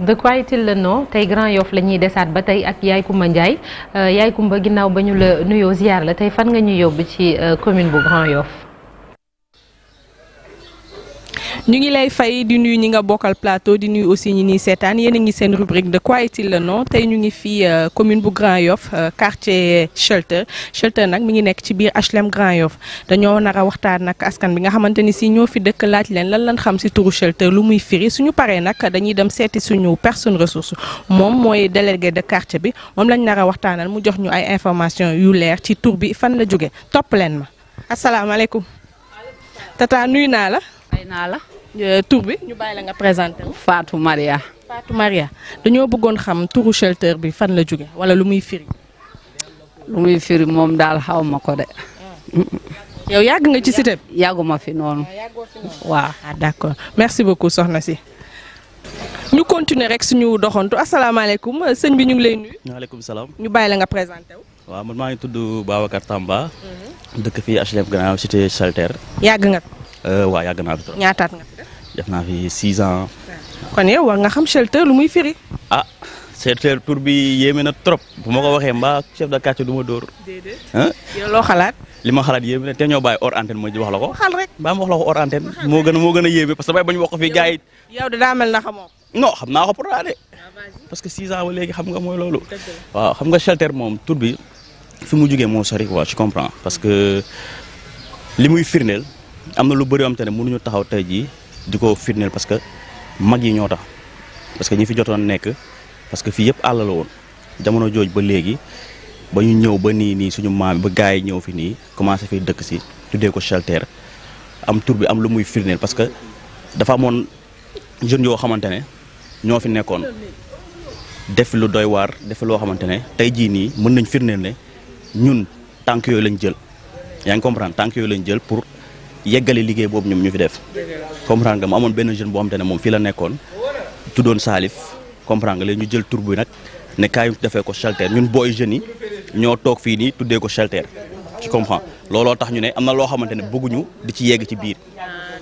de quoi est la le tey Grand Yoff la ñuy desaat ba tey ak Yaay Kumba Ndiaye euh, Yaay Kumba ginnaaw ba ñu la nuyoo ziar la tey fan nga ñu yóbbu ci euh, commune bu Grand Yoff ñu ngi lay fay di nuyu ñi nga bokkal plateau di nuyu aussi ñi ñuy seetaan yéen a ngi seen rubrique de quoi est-il le nom tey ñu ngi fii euh, commune bu Grand Yoff euh, quartier Shelter Shelter nag mi ngi nekk ci biir HLM Grand Yoff dañoo nar a waxtaan nag askan bi nga xamante ni si ñoo fi dëkk laaj leen lan lan xam si turu Shelter lu muy firi suñu paree nag dañuy dem seeti suñu personne ressource moom mooy délégué de quartier bi moom lañ nar a waxtaanal mu jox ñu ay information yu leer ci tur bi fan la jóge topp leen ma asalaamaaleykum tata nuyu la. Euh, tur bi ñu bàyyi la nga présenté faatu Fatou Maria. Maria dañoo bëggoon xam turu shelter bi fan la jóge wala lu muy firi. lu muy firi moom daal xaw ma ko de. Ah. yow yàgg nga ci cité bi. yàgguma ah, fi noonu. waaw ah d'accord merci beaucoup soxna si. ñu continuer rek suñu doxantu asalaamaaleykum sëñ bi ñu ngi lay nuyu. salaam. ñu bàyyi la nga présenté wu. waaw maa ngi tudd Babacar Tamba. dëkk fii HLM Grand Cité Shelter. yàgg nga. Euh, waa yàgg naa fi trop. def naa fi six ans. kon yow war nga xam shelter lu muy firi. ah shelter tur bi yéeme na trop bu ma ko waxee mbaa chef de quartier du ma door déedéet loo xalaat. li ma xalaat yéeme na te ñoo bàyyi hors antenne ma wax la la ko hors antenne. moo gën a moo gën a yéeme parce que damay bañ wax ko fii gars yi. yow daa mel na xamoo. non xam naa ko pour de ah, parce que six ans wa léegi xam nga mooy loolu. waaw xam nga shelter moom tur bi fi mu jugee moo sori quoi je comprends parce que li muy firndeel am na lu bëri yoo xam te ne mënuñu taxaw tey jii di ko firndeel parce que mag yi ñoo tax parce que ñi fi jotoon nekk parce que fii yëpp àll la woon jamono jooj ba léegi ba ñu ñëw ba nii nii suñu maam ba gars yi ñëw fi nii commencé fi dëkk si tuddee ko shelter am tur bi am lu muy firndeel parce que dafa amoon jeunes yoo xamante ne ñoo fi nekkoon def lu doy waar def loo xamante ne tey jii nii mën nañ firndeel ne ñun tànk yooyu lañ jël yaa ngi comprendre tànk yooyu lañ jël pour. yeggale liggéey boobu ñoom ñu fi def comprendre nga mu amoon benn jeune boo xam moom fii la nekkoon tuddoon Salif comprendre nga léegi ñu jël tur bi nag ne kaay ñu defee ko shelter ñun booy jeunes yi ñoo toog fii nii tuddee ko shelter ci comprendre looloo tax ñu ne am na loo xamante ne bëgguñu di ci yegg ci biir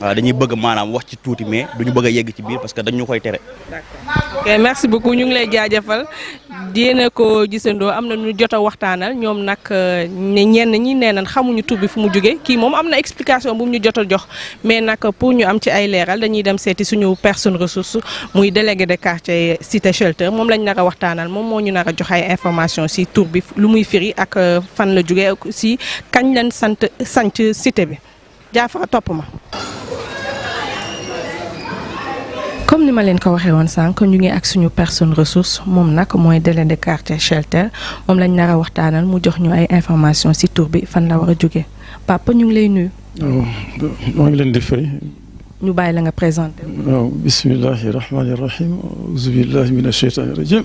waaw dañuy bëgg maanaam wax ci tuuti mais duñu bëgg yegg ci biir parce que dañu koy tere. ok merci beaucoup ñu ngi lay jaajëfal yéen a ko gisandoo am na ñu jot a waxtaanal ñoom nag euh, ne ñenn ñi nee nañ xamuñu tur bi fu mu jógee kii moom am na explication bu ñu jot a jox mais nag pour ñu am ci ay leeral dañuy dem seeti suñu personne ressource muy délégué de quartier cité shelter moom lañ nar a waxtaanal moom moo ñu nar a jox ay information si tur bi lu muy firi ak euh, fan la jógee si kañ lañ sant sant cité bi jaafara topp ma comme ni ma leen ko waxee woon sànq ñu ngi ak suñu personne ressource moom nag mooy délégué de quartier shelter moom lañ nar a waxtaanal mu jox ñu ay information ci tur bi fan la war a jóge papa ñu ngi lay nuyu. Oh, maa ngi leen di fay. ñu bàyyi la nga présenté. waaw oh, bismillahi rahmaani rahim auzu billahi mina sheytaani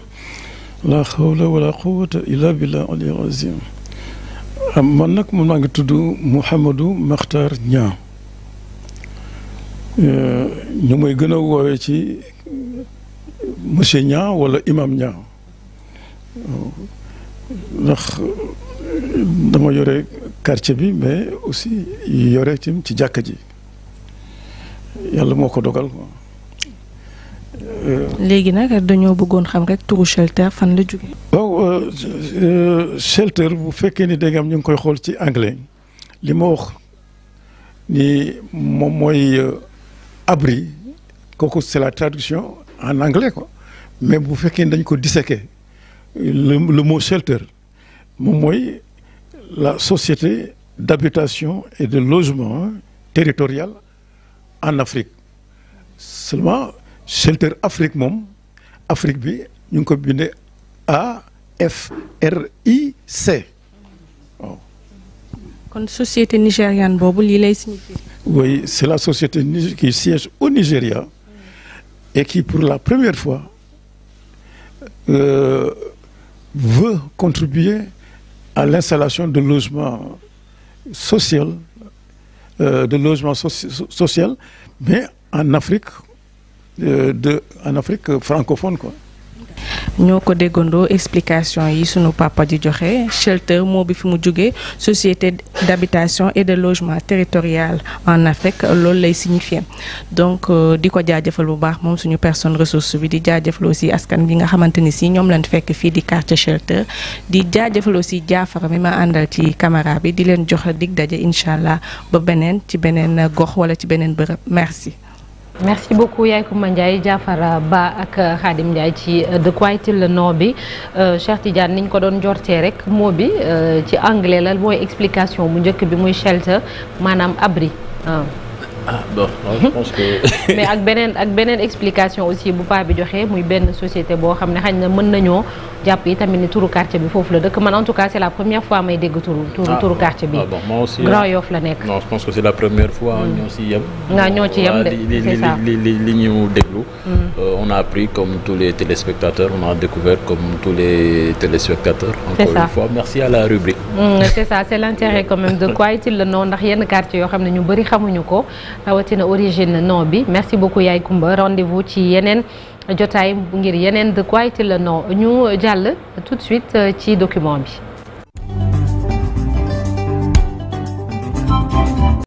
wala quwata illa billah aliyul azim man nag man maa ngi tudd Mouhamadou Makhtar Niang ñu may gën a woowee ci monsieur Niang wala imam Niang ndax dama yore quartier bi mais aussi yore tim ci jàkka ji yàlla moo ko dogal euh, léegi nag dañoo bëggoon xam rek turu shelter fan la jóge waaw euh, euh, shelter bu fekkee ni dégg ñu ngi koy xool ci anglais li ma wax ni moom mooy. abri kooku c'est la traduction en anglais ko mais bu fekkee dañ ko disséquer le le mot shelter moom mooy la société d'habitation et de logement territorial en Afrique seulement shelter Afrique moom Afrique bi ñu ngi ko bindee A F R I C waaw. kon société nigériane boobu lii lay signifier. Oui, c'est la société qui siège au Nigeria et qui, pour la première fois, euh, veut contribuer à l'installation de logements sociaux, euh, de logements so sociaux, mais en Afrique, euh, de, en Afrique francophone. Quoi. ñoo ko déggandoo explication yi sunu papa ji joxe shelter moo bi fi mu jógee société d'habitation et de logement territorial en Afrique loolu lay signifier donc euh, di ko jaajëfal bu baax moom suñu personne ressource bi di jaajëfal aussi askan bi nga xamante ni si ñoom lañ fekk fii di quartier shelter di jaajëfal si jaafara bi ma àndal ci caméra bi di leen jox dig daje incha allah ba beneen ci beneen gox wala ci beneen bërëb merci merci beaucoup ma Ndiaye Diafara euh, Ba ak euh, Khadim Ndiaye ci euh, dëkkuwaaytil la noo bi Cheikh Tidiane niñ ko doon jortee rek moo bi ci anglais la mooy explication bu njëkk bi muy shelter maanaam abri ah bon je ak beneen ak beneen explication aussi bu paa bi joxee muy benn société boo xam ne xañ na mën nañoo jàpp yi tamit ni turu quartier bi foofu la dëkk man en tout cas c' est la première fois may dégg turu. turu ah, turu quartier bi. Ah, Grand Yoff la nekk. non je pense que c' est la première fois. Mm. ñoo si yem. ñoo ci yem de c' ça li ñu déglu. Mm. Euh, on a appris comme tous les téléspectateurs, on a découvert comme tous les téléspectateurs. encore une fois merci à la rubrique. Mmh, c'est ça c'est l'intérêt quand même de quoi est-il le nom ndax yenn quartier yoo xam ne ñu bëri xamuñu ko rawatina origine nom bi merci beaucoup Yaay Kumba rendez ci yeneen jotaay ngir yeneen de quoi est-il le nom ñu jàll tout de suite euh, ci document bi.